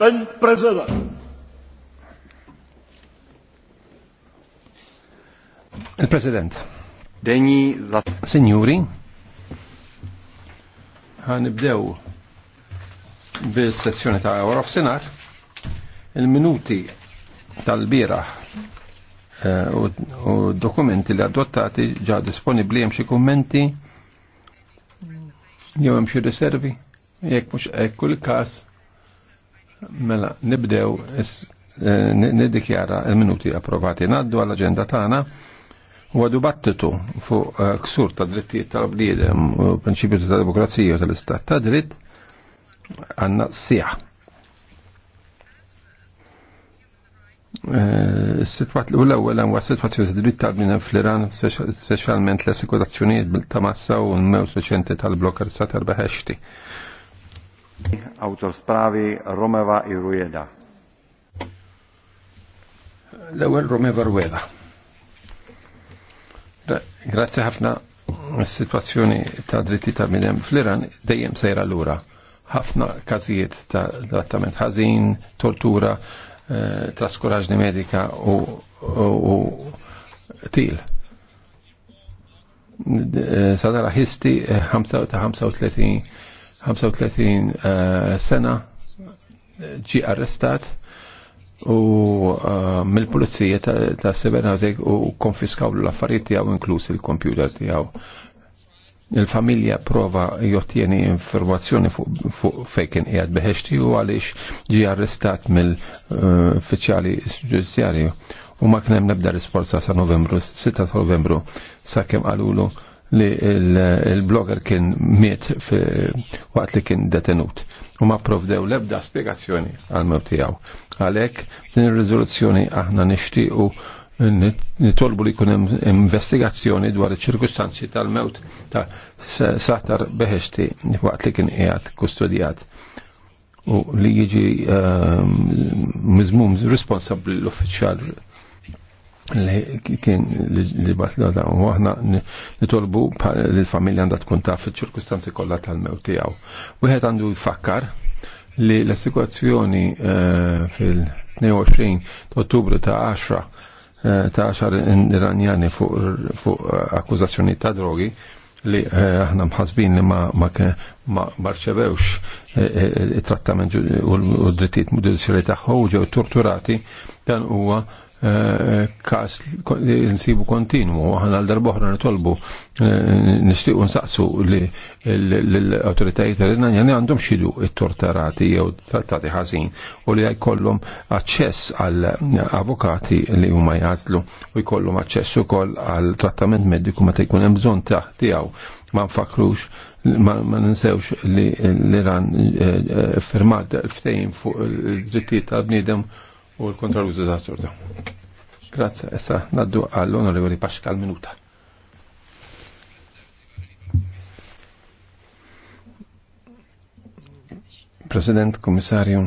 Pan President. Il-President. Degni za... Signori, għanibdew bil-sessjoni ta' Eurof Senat. Il-minuti tal-bira eh, u dokumenti li adottati ġa disponibli hemm xi kummenti jew hemm xi riservi jekk mux hekk kull każ Mela, nibdew eh, nidikjara il-minuti approvati. Naddu għall-agenda tagħna għadu battitu fuq eh, ksur ta' drittijiet tal-bliedem u prinċipju ta' demokrazija u tal-istat ta' dritt għandna sieħ. Eh, u l-ewwel hemm situazzjoni ta' dritt tal-bliedem fl-Iran, speċjalment l-assikurazzjonijiet bil-tamassa u l mew reċenti tal-blokkar Satar Beheshti. Autor spravi Romeva Irueda. L-ewel Romeva Rueda. Grazie ħafna s-situazzjoni ta' dritti ta' minnem fl-Iran dejjem sejra l-ura. ħafna kazijiet ta' trattament ħażin, tortura, eh, traskuraġni medika u til. Sadara histi 35 35 eh, sena ġi arrestat u eh, mill-pulizija ta' Sebenawtek u konfiskaw l-affarijiet tiegħu inkluż il-kompjuter tiegħu. Il-familja prova jottieni informazzjoni fuq fejn qiegħed beħexti u għaliex ġi arrestat mill-uffiċjali ġudizzjarju u ma kien hemm nebda risposta sa' Novembru, 6 novembru sa' sakemm qalulu li il-blogger kien miet waqt li kien detenut u ma provdew lebda spiegazzjoni għal-mew tijaw. Għalek, din il-rizoluzzjoni aħna nishtiqu nitolbu li kunem investigazzjoni dwar il-ċirkustanzi tal-mewt ta' Satar Beħeshti waqt li kien jgħat kustodijat u li jieġi ehm, mizmum responsabli l-uffiċjal li kien li bat li batlada u aħna nitolbu li l-familja għandha tkun taf fil-ċirkustanzi kollha tal-mew tiegħu. Wieħed għandu jfakkar li l-assikwazzjoni eh, fil-22 ottubru ta' 10 eh, ta' 10 iranjani fuq eh, akkużazzjoni ta' drogi li aħna mħasbin li ma marċevewx il trattament u d-drittijiet mudizjoni tagħhom u torturati dan huwa kas nsibu kontinu, għan għal darboħra nitolbu eh, nishtiq nsaqsu li l-autoritajiet tal-Iranjani għandhom xidu it-tortarati jew trattati ħażin u li jkollhom aċċess għal avukati li huma jgħażlu u jkollhom aċċess ukoll għal trattament mediku meta jkun hemm bżonn tiegħu ma nfakrux ma ninsewx li l-Iran eh, eh, firmat ftejn fuq id-drittijiet tal-bniedem u l-kontra l-użu ta' sorda. essa naddu għall-onorevoli Pascal Minuta. President, Komissarju,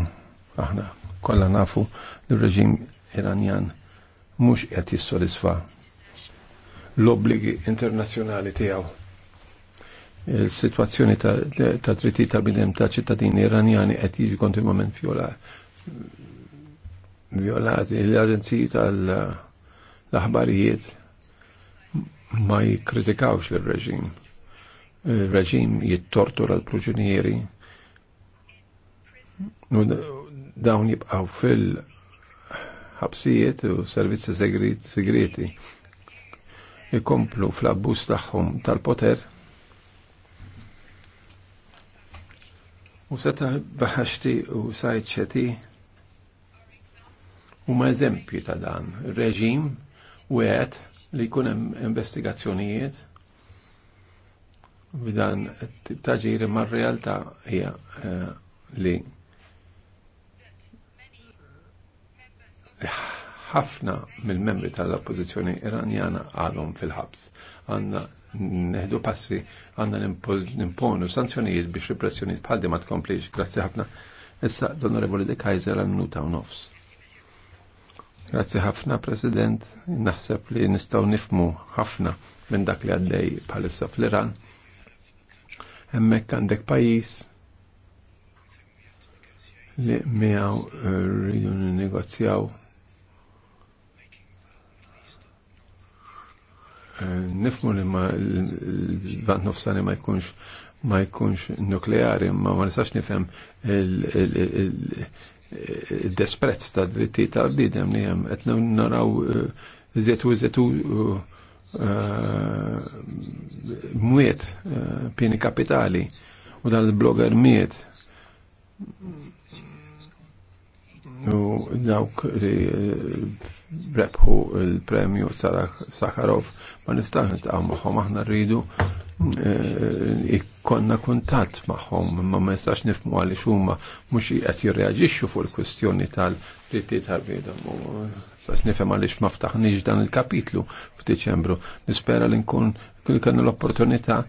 aħna kollha nafu l reġim Iranjan mhux qed jissodisfa l-obbligi internazjonali tiegħu. Il-sitwazzjoni ta' dritti tal-bidem ta' ċittadini iranjani qed jiġi kontinuament fjola violati l-Aġenziji tal-aħbarijiet ma jikkritikawx l-reġim. Il-reġim jittortura l-proġunieri dawn jibqaw fil-ħabsijiet u servizzi segreti ikomplu fl abbus tagħhom tal-poter u seta baħaxti u sajċeti huma eżempju ta' dan. Reġim u għed li jkun hemm investigazzjonijiet b'dan ta' ġiri ma' realtà hija eh, li ħafna mill-membri tal-oppozizjoni iranjana għalhom fil-ħabs. Għanna neħdu passi, għanna nimponu sanzjonijiet biex repressjonijiet bħal ma tkomplix. Grazzi ħafna. Issa, l-Onorevoli De Kaiser għal minuta u nofs. Grazie ħafna, President. Naħseb li nistaw nifmu ħafna minn dak li għaddej bħalissa fl-Iran. Hemmhekk għandek pajis li miaw eh, rridu negozjaw eh, nifmu li ma l-vant nofsani ma jkunx ma jkunx nukleari, ma ma nistax nifhem desprezz ta' dritti ta' bidem li jem, qed naraw zetu eh, zetu eh, mwiet eh, pini kapitali u dal blogger mwiet u dawk li eh, rebħu il-premju Sakharov ma nistax nitqaw magħhom aħna rridu eh, ikkonna kuntatt magħhom ma ma nistax nifmu għaliex huma mhux qed jirreaġixxu fuq il-kwistjoni tal ritti tal-bniedem u sax nifhem għaliex ma ftaħniex dan il-kapitlu f'Diċembru. Nispera li nkun kellna l-opportunità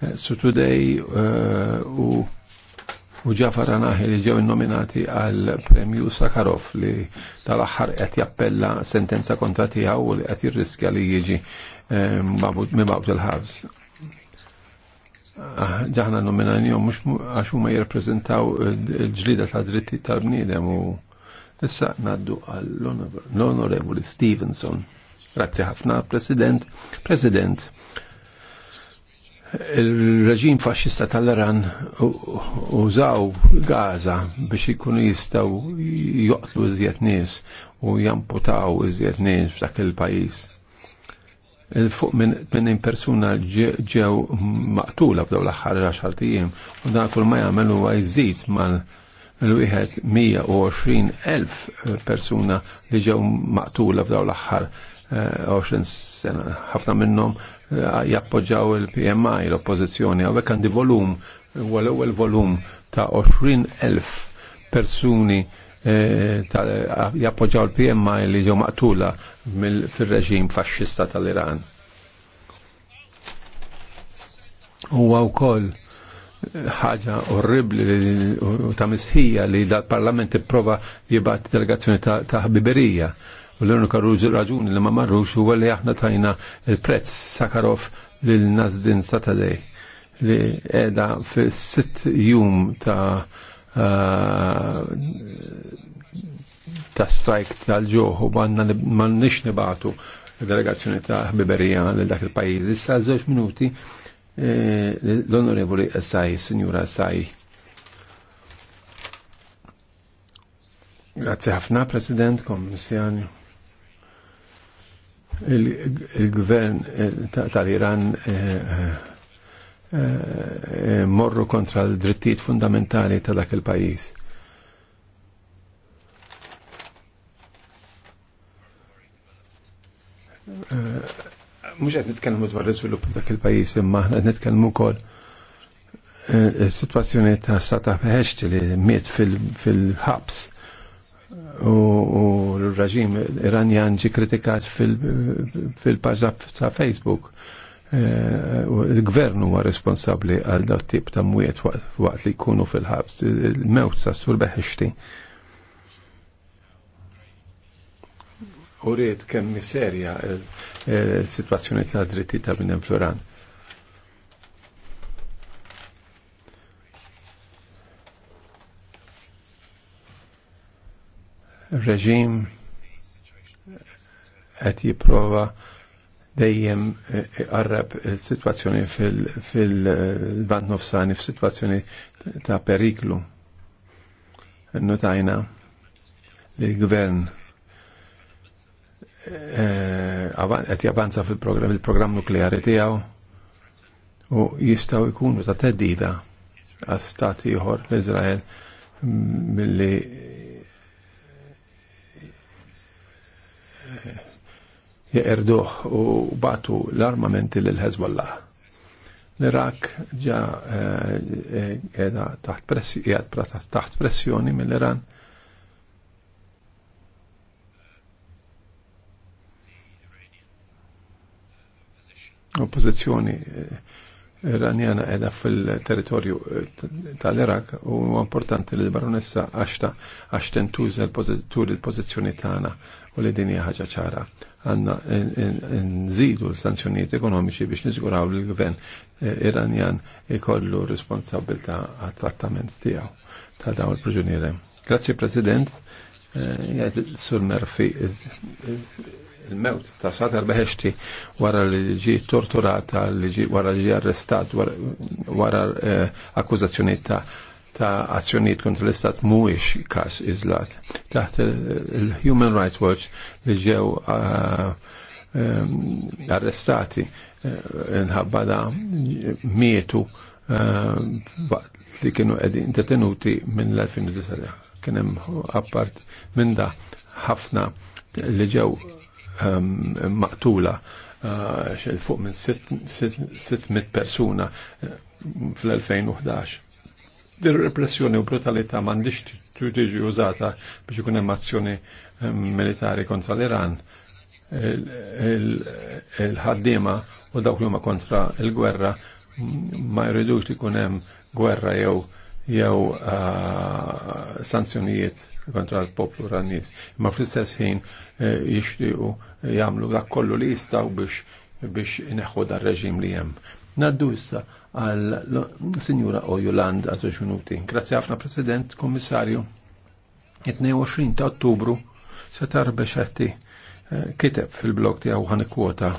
eh, su today u u Ġafar Anahi li ġew nominati għal premju Sakharov li tal-aħħar qed jappella sentenza kontra tiegħu u li qed jirriskja li jiġi mibgħut ehm, il-ħabs. Ah, Ġaħna nominanijom mux għax huma jirrepreżentaw il-ġlida ta' dritti tal-bniedem u issa naddu għall-Onorevoli Stevenson. Grazzi ħafna, President. President, il-reġim faxxista tal-Iran użaw Gaza biex ikunu jistaw joqtlu iżjed nis u jamputaw iżjed nies f'dak il-pajjiż. Il-fuq minn persuna ġew maqtula bdaw l-aħħar 10 u dan kull ma jagħmel huwa jżid mal l-wieħed 120,000 elf persuna li ġew maqtula bdaw l-aħħar 20 sena, ħafna minnhom eh, jappoġġaw il-PMI, l-oppożizzjoni, għawek għandi volum, huwa l-ewwel volum ta' 20,000 persuni eh, jappoġġaw il-PMI li ġew maqtula fil-reġim faxxista tal-Iran. Huwa wkoll eh, ħaġa orribli ta' misħija li dal-parlament prova jibat delegazzjoni ta' ħbiberija U L-unika raġuni li ma marrux huwa li aħna tajna il-prezz Sakarov lil Nazdin Satadej li edha fi sitt jum ta' uh, ta' strajk tal-ġoħ u ma' nix nibatu delegazzjoni ta' ħbiberija li dak il-pajiz. Issa żewġ minuti eh, l-onorevoli Essaj, signora Essaj. Grazie ħafna, President, Kommissjani il-gvern tal-Iran eh, eh, eh, morru kontra l-drittijiet fundamentali ta' dak il-pajis. Mux għed nitkellmu dwar ta' dak il-pajis imma għed nitkellmu kol situazzjoni ta' Sata Heċti li miet fil-ħabs u l-raġim iranjan ġi kritikat fil-paġab ta' Facebook. Eh, il-gvern huwa responsabli għal dat tip ta' mwiet waqt li jkunu fil-ħabs. Il-mewt sa' sur beħixti. U rrit kemm miserja il-situazzjoni ta' dritti ta' fl Floran reġim qed jipprova dejjem iqarrab il-sitwazzjoni fil-Bant Nofsani f'sitwazzjoni ta' periklu. Notajna li l-gvern eh, qed javanza fil-programm il-programm nukleari tiegħu u jistgħu jkunu ta' teddida għas stati ieħor l-Iżrael billi jeqerduħ u batu l-armamenti l-Hezbollah. L-Irak ġa eh, eh, edha taħt pressjoni mill-Iran. Oppozizjoni eh, iranjana edha fil-territorju tal-Irak u importanti li l-baronessa għaxta għax tentuża l-pozizjoni tagħna u li din hija ħaġa ċara. Għanna nżidu l-sanzjonijiet ekonomiċi biex nizguraw li l-gvern eh, Iranjan ikollu responsabilta għat-trattament tijaw ta' dawn il-priġunieri. Grazie, President, eh, jgħid sur Merfi il-mewt ta' għal-beħeċti wara li ġi torturata, wara li ġi arrestat, wara eh, akkużazzjoni ta' ta' azzjonijiet kontra l-istat mhuwiex każ iżlat. Taħt il-Human Rights Watch li ġew eh, eh, arrestati eh, nħabba da mietu li kienu qegħdin detenuti minn l 2019 Kien hemm appart minn da ħafna li ġew maqtula fuq minn 600 persuna fl-2011 repressjoni u brutalità m'għandix tiġi użata biex ikun hemm azzjoni eh, militari kontra l-Iran. Il-ħaddiema u dawk li huma kontra l-gwerra mm, ma jridux ikun hemm gwerra jew jew eh, sanzjonijiet kontra l-poplu Iranis. Ma fl-istess ħin eh, jixtiequ jagħmlu dak kollu li jistgħu biex biex ineħħu dar reġim li hemm. Naddu issa għal signora Ojoland għal żewġ minuti. Grazzi ħafna President, Kommissarju. 22 ta' Ottubru Setar Bexetti eh, kiteb fil-blog tiegħu ħan kwota.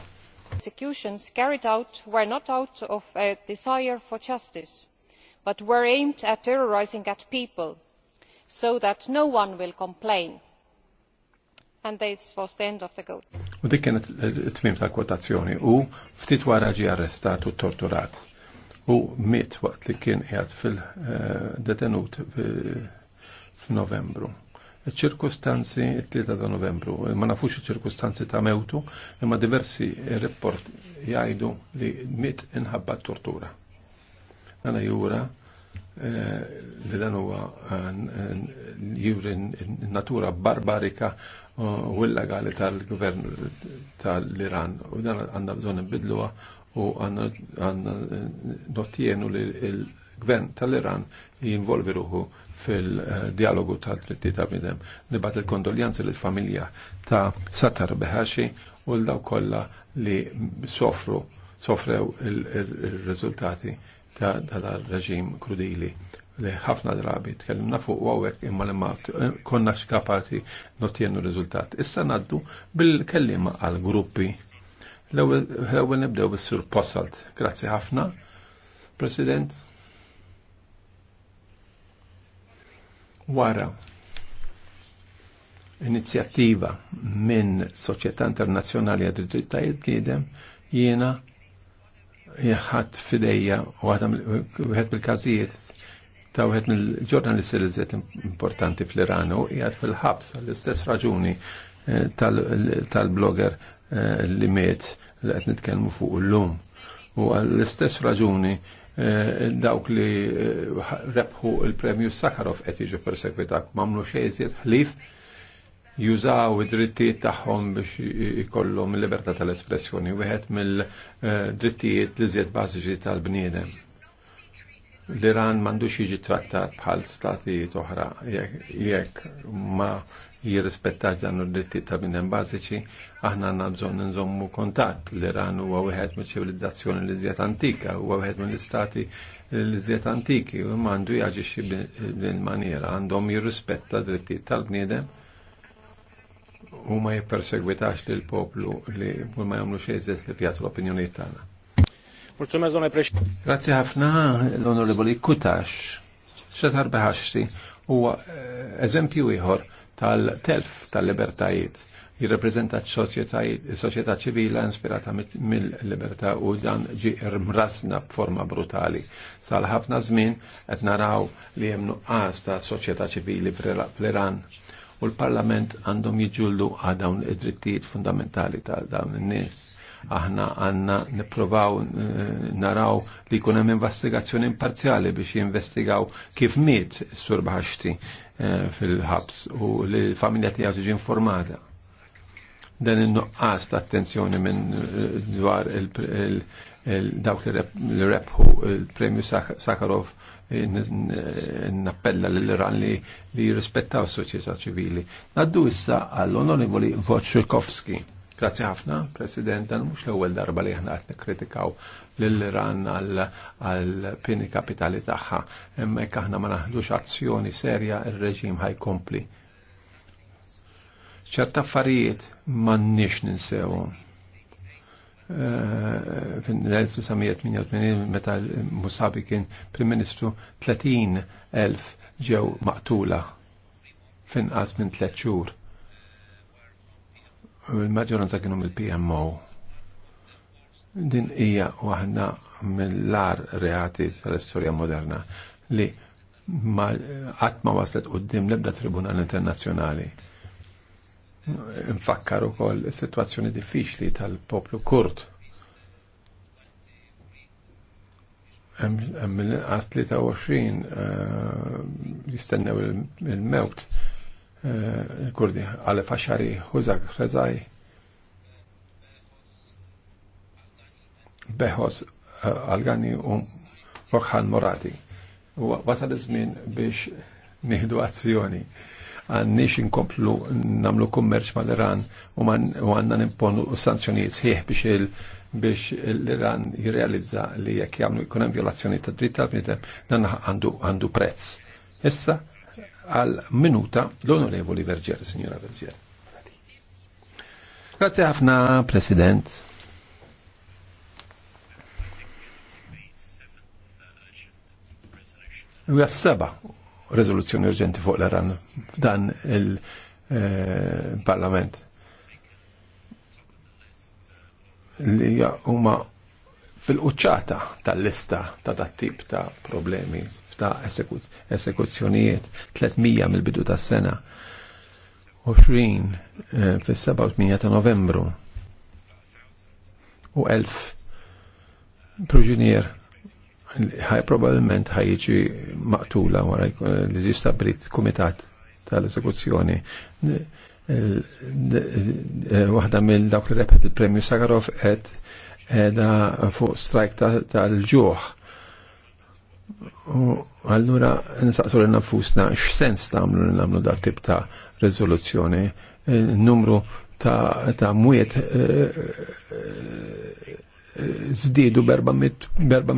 Executions carried out were not out of a desire for justice, but were aimed at terrorizing at people, so that no one will complain. And this was the end of the quote. U dik kienet it-tmim tal-kwotazzjoni u ftit wara ġie arrestat u torturat u miet waqt li kien qiegħed fil-detenut f'Novembru ċirkustanzi il-3 ta' novembru. Ma nafux ċirkustanzi ta' mewtu, imma diversi report jgħidu li mit inħabba tortura. Għana jura eh, li dan huwa eh, juri natura barbarika eh, u l-legali tal-gvern tal-Iran u dan għandna bżonn nbidluha u għanna nottienu li l gvern tal-Iran jinvolvi ruħu fil-dialogu ta' dritti ta' bidem. Nibat il-kondoljanzi l-familja ta' Satar Behashi u l-daw kolla li sofru, sofrew il-rezultati ta' dal-reġim krudili li ħafna drabi tkellimna fuq għawek imma li ma konna xkapati notjenu rizultat. Issa naddu bil-kellima għal gruppi L-ewwel nibdew bis-sur Possalt. Grazzi ħafna, President. Wara inizjattiva minn Soċjetà Internazzjonali għad Drittajiet Giedem jiena jħat fidejja u għadam wieħed bil-każijiet ta' wieħed mill-ġurnalisti li żiet importanti fl-Iran u qiegħed fil-ħabs għall-istess raġuni eh, tal-blogger Eh, li miet li qed nitkellmu fuq illum. U għall-istess raġuni eh, dawk li eh, rebħu il-premju Sakharov qed jiġu persekwitat m'amlu xejn iżjed ħlief jużaw id-drittijiet tagħhom biex ikollhom il-libertà tal-espressjoni wieħed mill-drittijiet li żjed bażiċi tal-bniedem l-Iran mandux jiġi trattat bħal stati oħra jekk ma jirrispettax dan id-dritti ta' minn bażiċi, aħna għandna bżonn nżommu kontatt. L-Iran huwa wieħed mill-ċivilizzazzjoni li żjed antika, huwa wieħed mill-istati li żjed antiki, u għandu jaġixxi b'il-maniera, għandhom jirrispetta dritti tal-bniedem u ma jipperseguitax lil poplu li ma jagħmlu xejn li pjatu l-opinjonijiet tagħna. Grazie ħafna, l-onorevoli Kutax. Xetar Beħaxti huwa eh, eżempju ieħor tal-telf tal-libertajiet jirrepreżenta soċjetà ċivila inspirata mill-libertà u dan ġi rmrasna b'forma brutali. Sal ħafna żmien qed naraw li hemm nuqqas ta' soċjetà ċivili fl-Iran u l-Parlament għandhom jiġullu għadawn dawn id-drittijiet fundamentali ta' dawn in-nies aħna għanna niprovaw eh, naraw li jkun hemm investigazzjoni imparzjali biex jinvestigaw kif miet s-sur eh, fil-ħabs u li l-familja tijaw tiġi informata dan il-nuqqas ta' attenzjoni minn eh, dwar dawk li rebħu il-premju Sakharov nappella l-Iran li jirrispettaw s-soċieta ċivili. Naddu issa għall-onorevoli Wojciechowski. Grazzi ħafna, President, dan mhux l-ewwel darba li aħna għatni nikkritikaw l iran għal pini kapitali tagħha. Emma jekk aħna ma naħdux azzjoni serja il reġim ħaj kompli. ċerta affarijiet m'għandniex ninsewhom. Eh, Fin-1988 meta Musabi kien Prim Ministru 30.000 elf ġew maqtula finqas minn tliet xhur il-maġġoranza kienu mill-PMO. Din hija waħda mill-ar reati tal-istorja moderna li qatt ma waslet qudiem l-ebda tribunal internazzjonali. Nfakkar ukoll is-sitwazzjoni diffiċli tal-poplu Kurt Għast 23 jistennew il-mewt Eh, kurdi għale faxari Huzak Rezaj Behos għalgani eh, u Rokhan Morati. Wasal iż-żmien biex nieħdu azzjoni għannix inkomplu namlu kummerċ mal-Iran u għanna nimponu sanzjoniet sħiħ biex il biex l-Iran jirrealizza li jekk jamlu jkun hemm violazzjoni ta' dritt tal-bniedem dan għandu prezz. Issa għal minuta l-onorevoli Verger, signora Verger. Grazie ħafna, President. U seba rezoluzzjoni urġenti fuq l-Iran f'dan il-Parlament. Eh, Li huma fil qċata tal-lista ta' dat-tip ta' problemi ħafna esekuzzjonijiet, 300 mill-bidu tas sena 20 eh, fis-7 ta' Novembru u 1000 priġunier ħaj probabbilment ħaj jiġi maqtula wara li ġi brit kumitat tal-esekuzzjoni. Waħda mill dawk li rebħet il-premju Sakarov qed edha fuq strajk tal-ġuħ. Ta U allura nisaqsu l nafusna x'sens tagħmlu li nagħmlu dak tip ta' n eh, numru ta', ta mwiet eh, eh, zdidu berba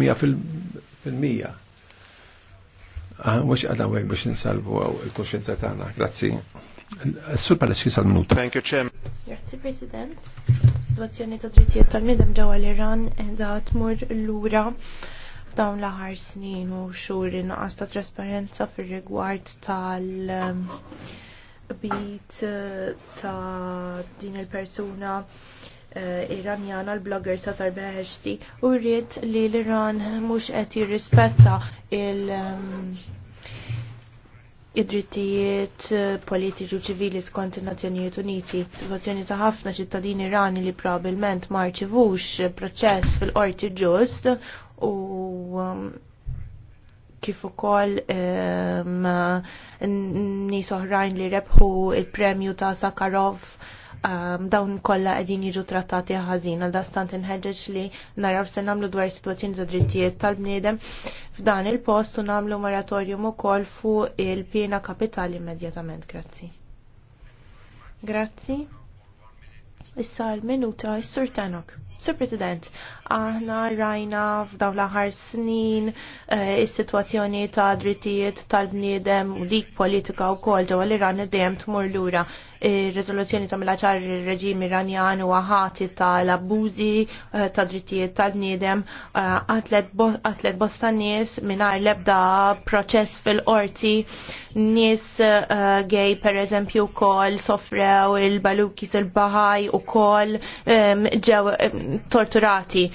mija fil-mija. Ah, Mux għadam għek biex nsalvu għaw il-kosċenza tagħna. Grazzi. Sur palaċi sal-minuta. Thank you, Chairman. Grazzi, President. Situazzjoni ta' drittijiet tal-midem ġewwa l-Iran da tmur lura f'dawn l ħar snin u xhur inqas ta' trasparenza fir-rigward tal ehm, bit eh, ta' din il-persuna eh, Iranjana l-blogger sa' Tarbeħeċti u rrit li l-Iran mhux qed jirrispetta il- ehm, id-drittijiet eh, politiċi u ċivili skont in-Nazzjonijiet Uniti, situazzjoni ta' ħafna ċittadini Irani li probabbilment ma proċess fil-qorti ġust u kif ukoll nies oħrajn li rebħu il-premju ta' Sakharov um, dawn kollha qegħdin jiġu trattati ħażin għal dastant inħeġġeġ li naraw se nagħmlu dwar sitwazzjoni ta' drittijiet tal-bniedem f'dan il-post u nagħmlu moratorium ukoll fuq il pina kapitali immedjatament. Grazzi. Grazzi. Issa l-minuta is-sur Tanok. Sir President, aħna rajna f'dawn l-aħħar snin eh, is-sitwazzjoni ta' drittijiet tal-bniedem u dik politika wkoll ġewwa l-Iran dejjem tmur lura ir-riżoluzzjoni ta' mill-aċar ir-reġim Iranjan u ħati tal-abbużi eh, ta' drittijiet ta' d-nidem eh, atlet bosta nies mingħajr l-ebda proċess fil-qorti nies eh, gej pereżempju wkoll sofrew il-balukis il-baħaj ukoll ehm, ġew ehm, torturati.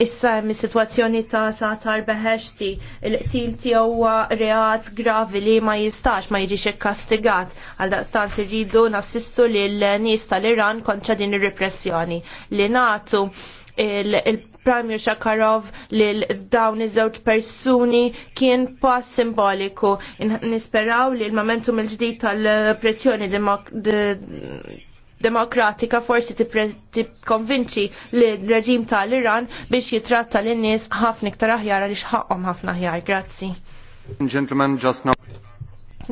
Issa mis-sitwazzjoni ta' Satar beħeċti il-qtil tiegħu reat gravi li ma jistax ma jiġix ikkastigat għal daqstant irridu nibdu nassistu l-nis tal-Iran kontra din ir-repressjoni li natu il-Premier il Shakarov lil dawn iż-żewġ persuni kien pass simboliku. Nisperaw li l-momentum il-ġdid tal-pressjoni demokratika forsi konvinċi li l-reġim tal-Iran biex jitratta l-nies ħafna iktar aħjar għaliex ħaqhom ħafna aħjar. Grazzi. Gentlemen, just now.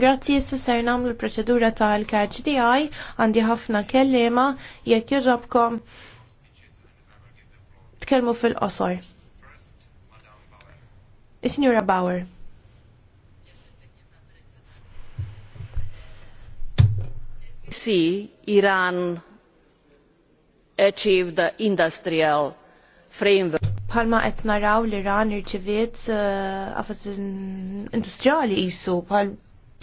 Grazzi jissu ser namlu l-proċedura tal-catch di għandi ħafna kellima jekk jirrabkom tkellmu fil-qosor. Is-Sinjura Bauer. Si, Iran achieved the industrial framework. Palma qed naraw li Iran irċiviet għafas eh, uh, industrijali jisu pal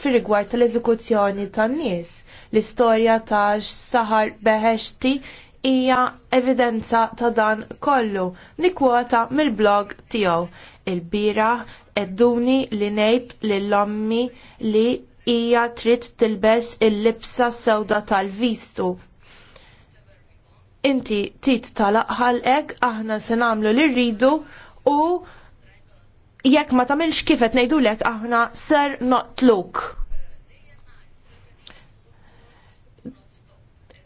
fir-rigward tal-eżekuzzjoni tan-nies. L-istorja ta' saħar Beheshti hija evidenza ta' dan kollu nikwota mill-blog tiegħu. Il-bira edduni li ngħid lill-ommi li hija trid tilbes il-libsa sewda tal-vistu inti tit tal-aqħalek, aħna se nagħmlu li rridu u jekk ma tamilx kif qed ngħidulek aħna ser noqtluk.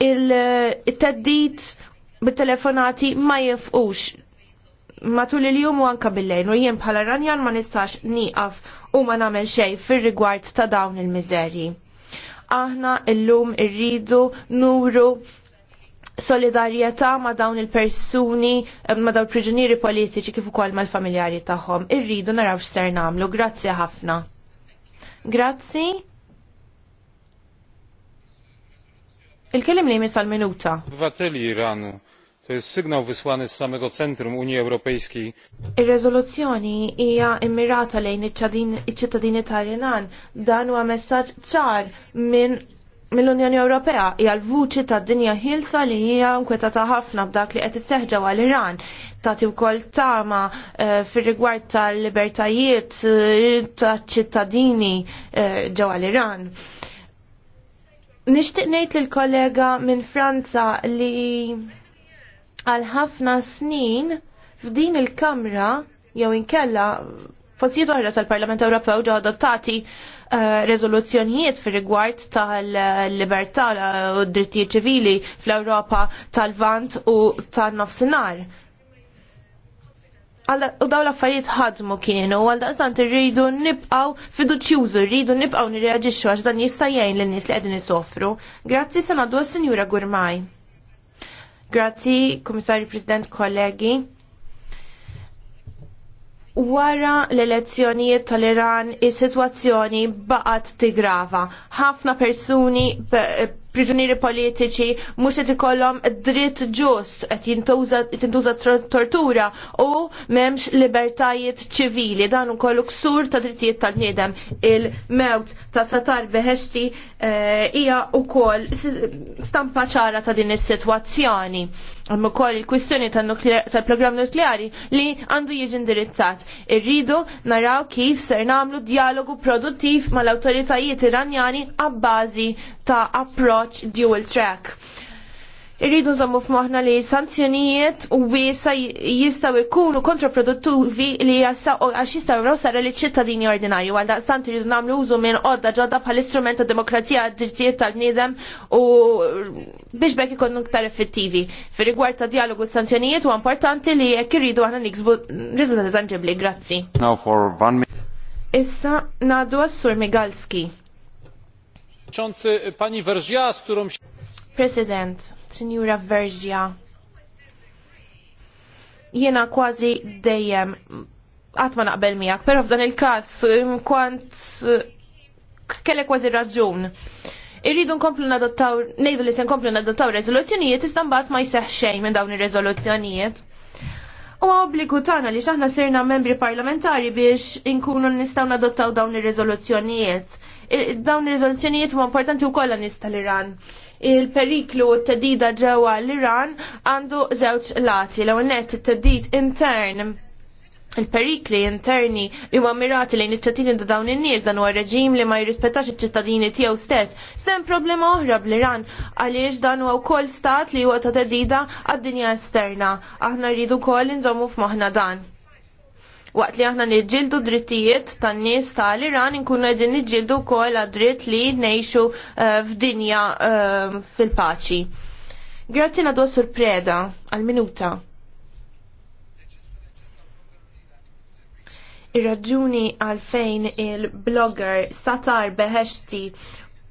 Il-teddit bit-telefonati ma jifqux matul il-jum u anka bil-lejn u jien bħala ranjan ma nistax nieqaf u ma nagħmel xejn fir-rigward ta' dawn il-miżerji. Aħna illum irridu nuru solidarjetà ma' dawn il-persuni, eh, ma' dawn il-priġunieri politiċi kif ukoll mal-familjari tagħhom. Irridu naraw x'ser nagħmlu. Grazzi ħafna. Grazzi. Il-kelim li jmiss minuta Obywateli Iranu, to jissignaw viswani s samego centrum Unji Ewropejski. Ir-rezoluzzjoni hija immirata lejn iċ-ċittadini tal-Iran dan huwa messaġġ ċar minn mill-Unjoni Ewropea hija l-vuċi tad-dinja ħilsa li hija nkwetata ħafna b'dak li qed isseħġa għal Iran tagħti wkoll tama eh, fir-rigward tal-libertajiet eh, taċ-ċittadini eh, ġewwa l-Iran. Nixtieq ngħid lill-kollega minn Franza li għal ħafna snin f'din il-Kamra jew inkella postijiet oħra tal-Parlament Ewropew ġew adottati Eh, rezoluzzjonijiet fir rigward tal-libertà u d-drittijiet ċivili fl-Ewropa tal-Vant u tan-Nofsinhar. U daw l-affarijiet ħadmu kienu, għal daqstant irridu nibqaw fiduċjużu, rridu nibqaw nirreagġixxu għax dan jista' jgħin lin-nies li qegħdin isofru. Grazzi sanadu għas-Sinjura Gurmaj. Grazzi, Komissarju President, kollegi. Wara l-elezzjonijiet tal-Iran, is-sitwazzjoni baqgħet tigrava. Ħafna persuni priġunieri politiċi mhux qed ikollhom dritt ġust qed jintuża tortura u m'hemmx libertajiet ċivili dan ukoll ksur ta' drittijiet tal-bniedem. Il-mewt ta' Satar Beħesti eh, hija wkoll stampa ċara ta' din is-sitwazzjoni. Hemm ukoll il-kwistjoni tal-programm nukleari li għandu jiġi indirizzat. Irridu naraw kif ser nagħmlu dialogu produttiv mal-awtoritajiet Iranjani għabbażi ta' approċċ l dual track. Irridu nżommu f'moħna li sanzjonijiet u wiesa jistaw ikunu kontraproduttivi li għax jistaw jivraw sara li ċittadini ordinarju għal daqstant irridu namlu użu minn odda ġodda bħal istrument ta' demokrazija għad drittijiet tal bnidem u biex bekk ikonu ktar effettivi. Fi rigward ta' dialogu sanzjonijiet u importanti li jekk irridu għana niksbu riżultati tangibli. Grazzi. Issa nadu għas-sur Migalski. President, Sinjura Verġja, jena kważi dejjem ma naqbel miegħek, però f'dan il-każ kont kellek kważi raġun. Irridu nkomplu nadottaw, nejdu li se nkomplu nadottaw rezoluzzjonijiet, iżda mbagħad ma jseħ xejn minn dawn ir-rezoluzzjonijiet. U obbligu tagħna li x'aħna sirna membri parlamentari biex inkunu nistgħu nadottaw dawn ir-riżoluzzjonijiet. Dawn ir-riżoluzzjonijiet huma importanti wkoll nies tal-Iran. Il-periklu t-tedida ġewwa l-Iran għandu żewġ lati. L-ewwel nett it-tedid intern il-perikli interni li huwa mirati lejn iċ-ċittadini ta' dawn in-nies dan huwa reġim li ma jirrispettax iċ-ċittadini tiegħu stess. Stem problema oħra bl-Iran għaliex dan huwa wkoll stat li huwa ta' tedida għad-dinja esterna. Aħna rridu wkoll inżommu f'moħħna dan. Waqt li aħna niġġieldu drittijiet tan-nies tal-Iran inkunu qegħdin niġġieldu wkoll għad-dritt li ngħixu eh, f'dinja eh, fil-paċi. Grazzi għadu surpreda għal-minuta. Ir-raġuni għalfejn il-blogger Satar Beheċti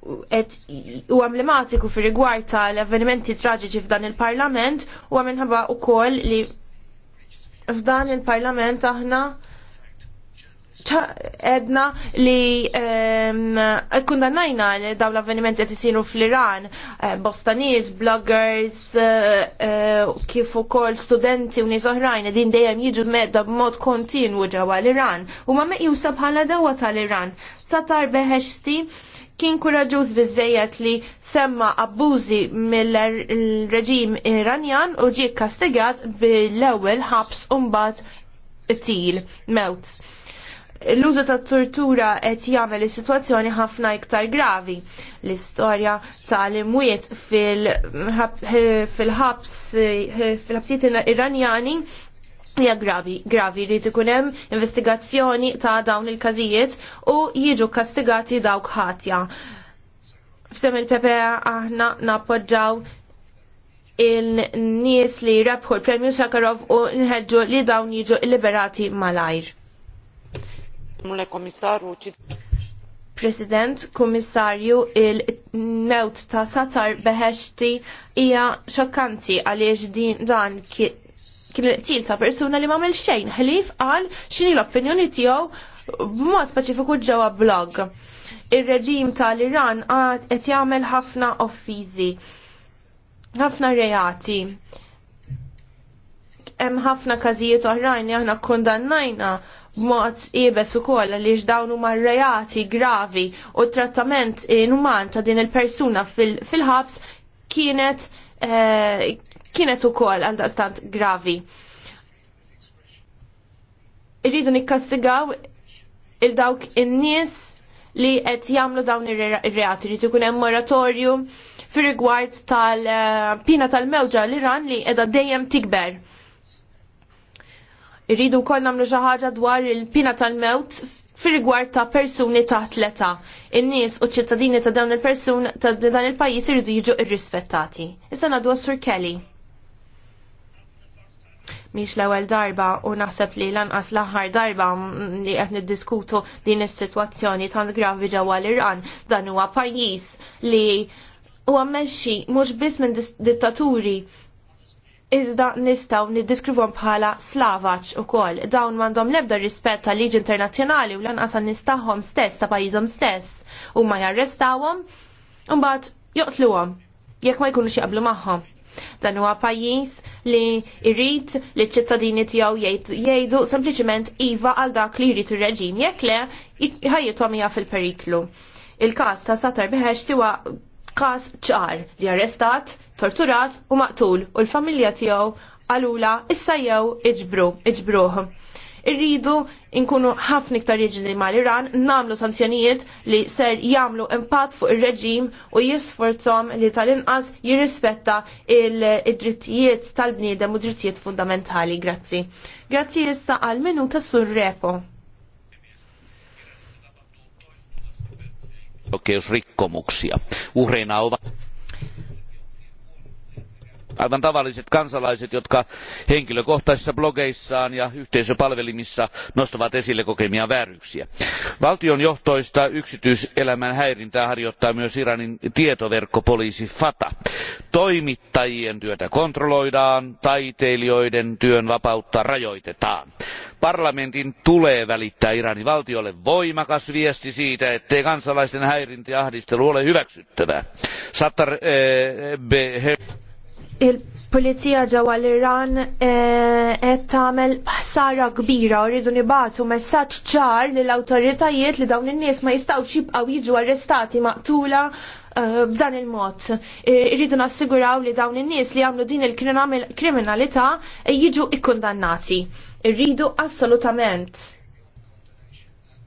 u emblematiku fir rigward tal-avvenimenti traġiċi f'dan il-parlament u minħabba u koll li f'dan il-parlament aħna edna li kundannajna li daw l-avvenimenti qed isiru fl-Iran, eh, Bostaniz, bloggers, eh, eh, kif ukoll studenti u nies oħrajn din dejjem jiġu medda b'mod kontinwu ġewwa l-Iran. Huma meqjusa bħala dawa tal-Iran. Satar beħeċti, kien kuraġuż biżejjed li semma abbużi mill-reġim Iranjan u ġie kastigat bil-ewwel ħabs u mbagħad til mewt. L-użu ta' tortura qed jagħmel is-sitwazzjoni ħafna iktar gravi. L-istorja tal-imwiet fil-ħabs fil-ħabsijiet Iranjani hija gravi, gravi jrid ikun hemm investigazzjoni ta' dawn il-każijiet u jiġu kastigati dawk ħatja. F'sem il-PPA aħna nappoġġaw il-nies li rebħu l-Premju Sakarov u nħeġġu li dawn jiġu liberati malajr. President, Kummissarju, il-mewt ta' Satar Beheshti hija xokkanti għaliex din dan kien il-qtil ta' persuna li ma' mel xejn ħlif għal xini l-opinjoni tiegħu b'mod paċifiku ġewwa blog. Ir-reġim tal-Iran għad qed jagħmel ħafna offiżi, ħafna reati hemm ħafna każijiet oħrajn li aħna kondannajna b'mod ibes ukoll li x'dawn huma reati gravi u t trattament inuman ta' din il-persuna fil-ħabs kienet eh, kienet ukoll għal daqstant gravi. Irridu nikkastigaw il-dawk in-nies li qed jagħmlu dawn ir-reati li ikun hemm moratorju fir-rigward tal-pina eh, tal-mewġa l-Iran li qiegħda dejjem tikber. Irridu wkoll nagħmlu xi ħaġa dwar il-pina tal-mewt fir-rigward ta' persuni ta' tleta. In-nies u ċittadini ta' dawn il-persun ta' dan il-pajjiż iridu jiġu irrispettati. Issa ngħidu Sur Kelly miex l-ewwel darba u naħseb li lanqas l-aħħar darba li qed niddiskutu din is-sitwazzjoni tant gravi ġewwa l-Iran dan huwa pajjiż li huwa mexxi mhux biss minn dittaturi iżda nistaw niddiskrivom bħala slavaċ u Dawn Dawn mandom lebda rispett tal liġi internazjonali u lanqas nistaħom stess ta' pajizom stess. U ma jarrestawom, un bat joqtluwom, jekk ma jkunux jaqblu maħħom. Dan huwa pajjiż li irrit li ċittadini tiegħu jgħidu sempliċement iva għal dak li jrid ir-reġim jekk le ħajjithom hija fil-periklu. Il-każ ta' Satar Beħex tiwa każ ċar li arrestat, torturat u maqtul u l-familja tiegħu għalula issa jew iġbru, iġbruh irridu nkunu ħafna iktar riġili mal-Iran, namlu sanzjonijiet li ser jamlu impatt fuq ir-reġim u jisforzom li tal-inqas jirrispetta il-drittijiet tal-bniedem u drittijiet fundamentali. Grazzi. Grazzi issa għal minuta sur repo. oikeusrikkomuksia. Uhreina ovat aivan tavalliset kansalaiset jotka henkilökohtaisissa blogeissaan ja yhteisöpalvelimissa nostavat esille kokemia vääryyksiä. valtionjohtoista yksityiselämän häirintää harjoittaa myös iranin tietoverkkopoliisi fata. toimittajien työtä kontrolloidaan taiteilijoiden työn vapautta rajoitetaan. parlamentin tulee välittää iranin valtiolle voimakas viesti siitä ettei kansalaisten häirintä ja ahdistelu ole hyväksyttävää. Sattar, eh, il-pulizija ġewwa l-Iran eh, qed tagħmel ħsara kbira u rridu nibatu messaġġ ċar lill awtoritajiet li dawn in-nies ma jistgħux jibqgħu jiġu arrestati maqtula eh, b'dan il-mod. Irridu nassiguraw li dawn in-nies li għamlu din il-kriminalità eh, jiġu ikkundannati. Irridu assolutament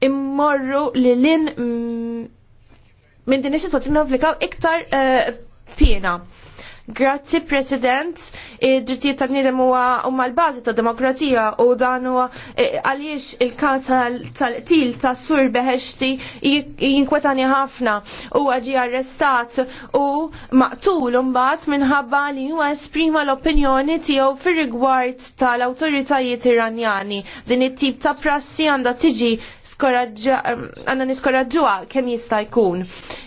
immorru li lin mm, minn din is-sitwazzjoni applikaw iktar piena. Grazzi President, id-drittijiet tal-nidem huwa huma l-bażi ta' demokrazija u dan huwa e, għaliex il-każ tal til ta' Sur Beħexti jinkwetani ħafna u ġie arrestat u maqtul mbagħad minħabba li huwa esprima l-opinjoni tiegħu fir-rigward tal-awtoritajiet Iranjani. Din it-tip ta' prassi għandha tiġi għanna niskoraġġuha kemm jista' jkun.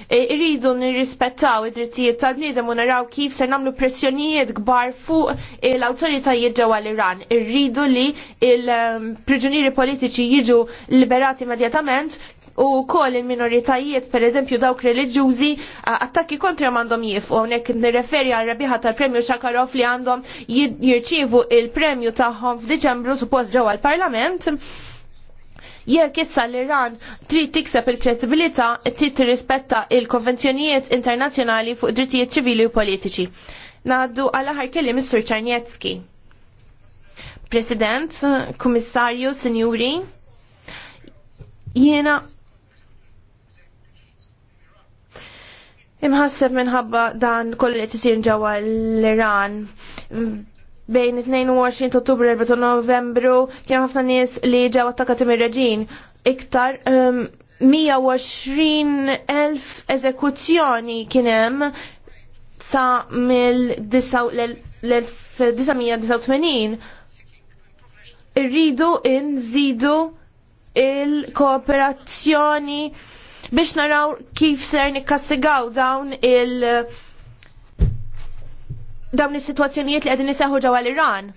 E, irridu nirrispettaw id-drittijiet tal-bniedem u naraw kif se nagħmlu pressjonijiet kbar fuq l-awtoritajiet ġewwa l-Iran. Irridu li l-priġunieri politiċi jiġu liberati immedjatament u kol il-minoritajiet, per eżempju dawk religjużi, attakki kontra mandom jif, u nek nirreferi għal rabiħa tal-premju Shakarov li għandhom jirċivu il-premju taħħom f'Diċembru suppost ġewwa l-Parlament. Jekk issa l-Iran trid tikseb il-kredibilità, trid tirrispetta il-konvenzjonijiet internazzjonali fuq drittijiet ċivili u politiċi. Naddu għal aħar is-Sur Czarniecki. President, Kummissarju, Sinjuri, jiena imħasseb minħabba dan kollu li tisir ġewwa l-Iran bejn 22 ottubru 4 novembru kien ħafna nies li ġew attakati mir-reġin. Iktar 120.000 um, eżekuzzjoni kien hemm sa mill-1989. Irridu inżidu il-kooperazzjoni biex naraw kif ser nikkassigaw dawn il- dawn is-sitwazzjonijiet li qegħdin iseħħu ġewwa l-Iran.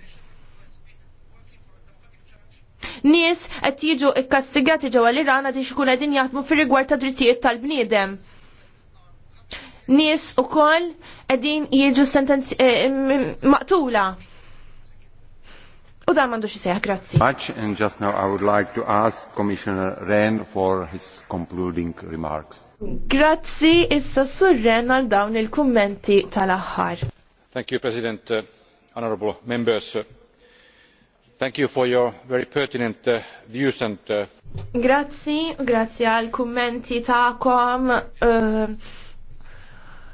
Nies qed jiġu ikkastigati ġewwa l-Iran għad ikun qegħdin jaħdmu fir-rigward ta' drittijiet tal-bniedem. Nies ukoll qegħdin jiġu sentenz eh, maqtula. U dan m'għandux iseħħ, grazzi. Much and just now I would like to ask Commissioner Ren for his concluding remarks. Grazzi issa sur Ren għal dawn il-kummenti tal-aħħar mr president uh, honourable members uh, thank you for your very pertinent uh, views and uh... Grazzi, grazzi għal kummenti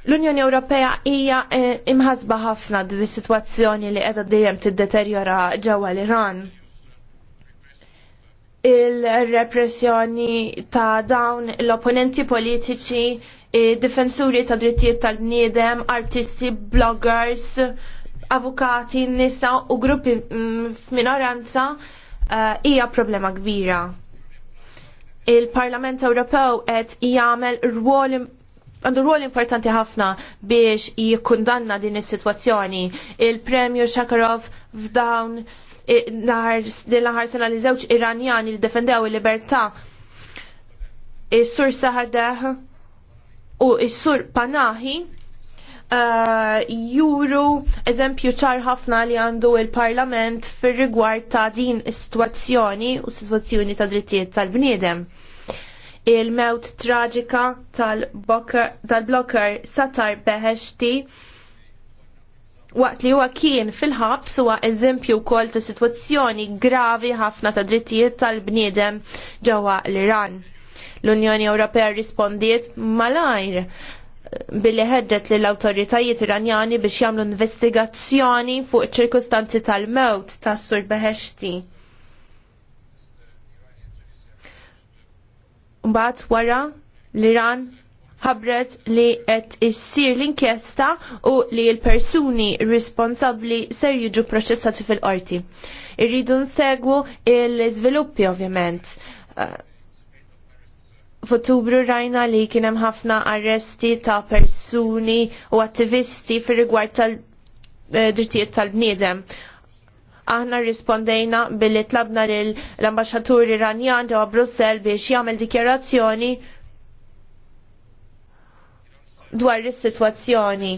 L-Unjoni Ewropea hija uh, imħasba ħafna d-situazzjoni li qiegħda dejjem tiddeterjora ġewwa l-Iran. Il-repressjoni ta' dawn l-opponenti politiċi difensuri ta' drittijiet tal-bniedem, artisti, bloggers, avukati, nisa u gruppi mm, f'minoranza eh, hija problema kbira. Il-Parlament Ewropew qed jagħmel rwol għandu rwol importanti ħafna biex jikkundanna din is-sitwazzjoni. Il-Premju Shakarov f'dawn din l-aħħar sena li żewġ Iranjani li defendew il-libertà. Is-Sur Saħadeħ u s-sur Panahi uh, juru eżempju ċar ħafna li għandu il-Parlament fir rigward ta' din is-sitwazzjoni u sitwazzjoni ta' drittijiet tal-bniedem. Il-mewt traġika tal blocker Satar Beheshti waqt li huwa kien fil-ħabs huwa eżempju wkoll ta' sitwazzjoni gravi ħafna ta' drittijiet tal-bniedem ġewwa l-Iran. L-Unjoni Ewropea rispondiet malajr billi ħeġġet li l-autoritajiet iranjani biex jagħmlu investigazzjoni fuq ċirkustanzi tal-mewt ta' Sur Beheshti. Mbagħad wara l-Iran ħabret li qed issir l-inkjesta u li l-persuni responsabbli ser jiġu proċessati fil-qorti. Irridu nsegwu l-iżviluppi ovvjament F'Ottubru rajna li kien hemm ħafna arresti ta' persuni u attivisti fir rigward tal-drittijiet eh, tal-bniedem. Aħna rrispondejna billi tlabna l ambasġatur Iranjan ġewwa Brussell biex jagħmel dikjarazzjoni dwar is-sitwazzjoni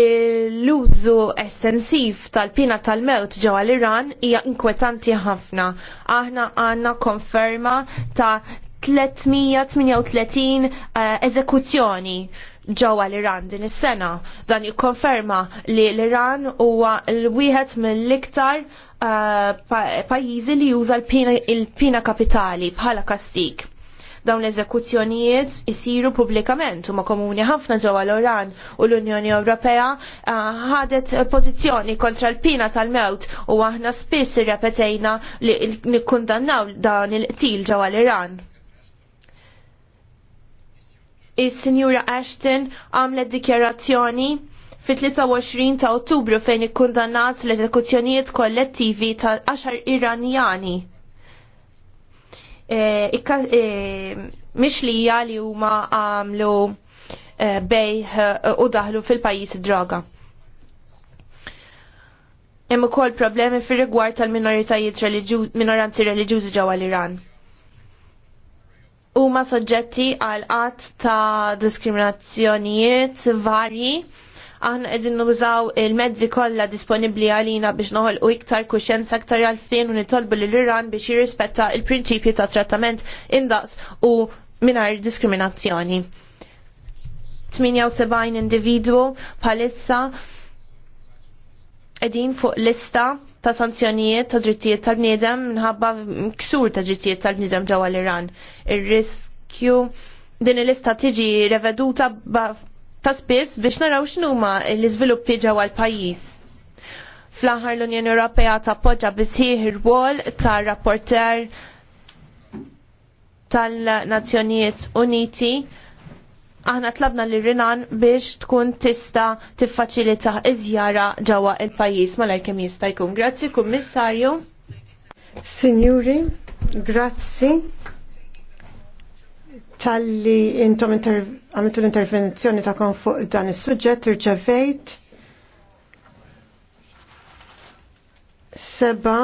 l-użu estensiv tal-pina tal-mewt ġewwa l-Iran hija inkwetanti ħafna. Aħna għandna konferma ta' 338 eh, eżekuzzjoni ġewwa l-Iran din is-sena. Dan jikkonferma li l-Iran huwa l-wieħed mill-iktar eh, pajjiżi li juża l-pina kapitali bħala kastik. Dawn l-eżekuzzjonijiet isiru pubblikament huma komuni ħafna ġewwa l-Oran u l-Unjoni Ewropea eh, ħadet pożizzjoni kontra l-pina tal-mewt u aħna spiss irrepetejna li nikkundannaw dan il-qtil ġewwa l-Iran is sinjura Ashton għamlet dikjarazzjoni fit-23 ta' Ottubru fejn ikkundannat l-eżekuzzjonijiet kollettivi ta' 10 Iranjani. Eh, eh, mix li li huma għamlu eh, bej u daħlu fil-pajjiż droga. Hemm ukoll problemi fir-rigward tal-minoritajiet minoranzi reliġjużi ġewwa l-Iran. Huma soġġetti għal qatt ta' diskriminazzjonijiet varji aħna qegħdin nużaw il-mezzi kollha disponibbli għalina biex noħolqu iktar kuxjenza aktar għalfin u nitolbu lil iran biex jirrispetta il-prinċipji ta' trattament indaqs u mingħajr diskriminazzjoni. 78 individwu bħalissa qegħdin fuq lista ta' sanzjonijiet ta' drittijiet tal-bniedem minħabba ksur ta' drittijiet tal-bniedem ġewwa l-Iran. Ir-riskju din il-lista tiġi reveduta ta' spiss biex naraw x'numa l-iżviluppi ġewwa l-pajjiż. Fl-aħħar l-Unjoni Ewropea tappoġġa bisħieħ ir-rwol tar-rapporter tal-Nazzjonijiet Uniti aħna tlabna li Rinan biex tkun tista tiffaċilita iżjara ġewwa l pajjiż malajr kemm jista' jkun. Grazzi, Kummissarju. Signori, grazzi tal-li intom għamitu l-intervenzjoni ta' kon fuq dan is suġġett irċevejt seba'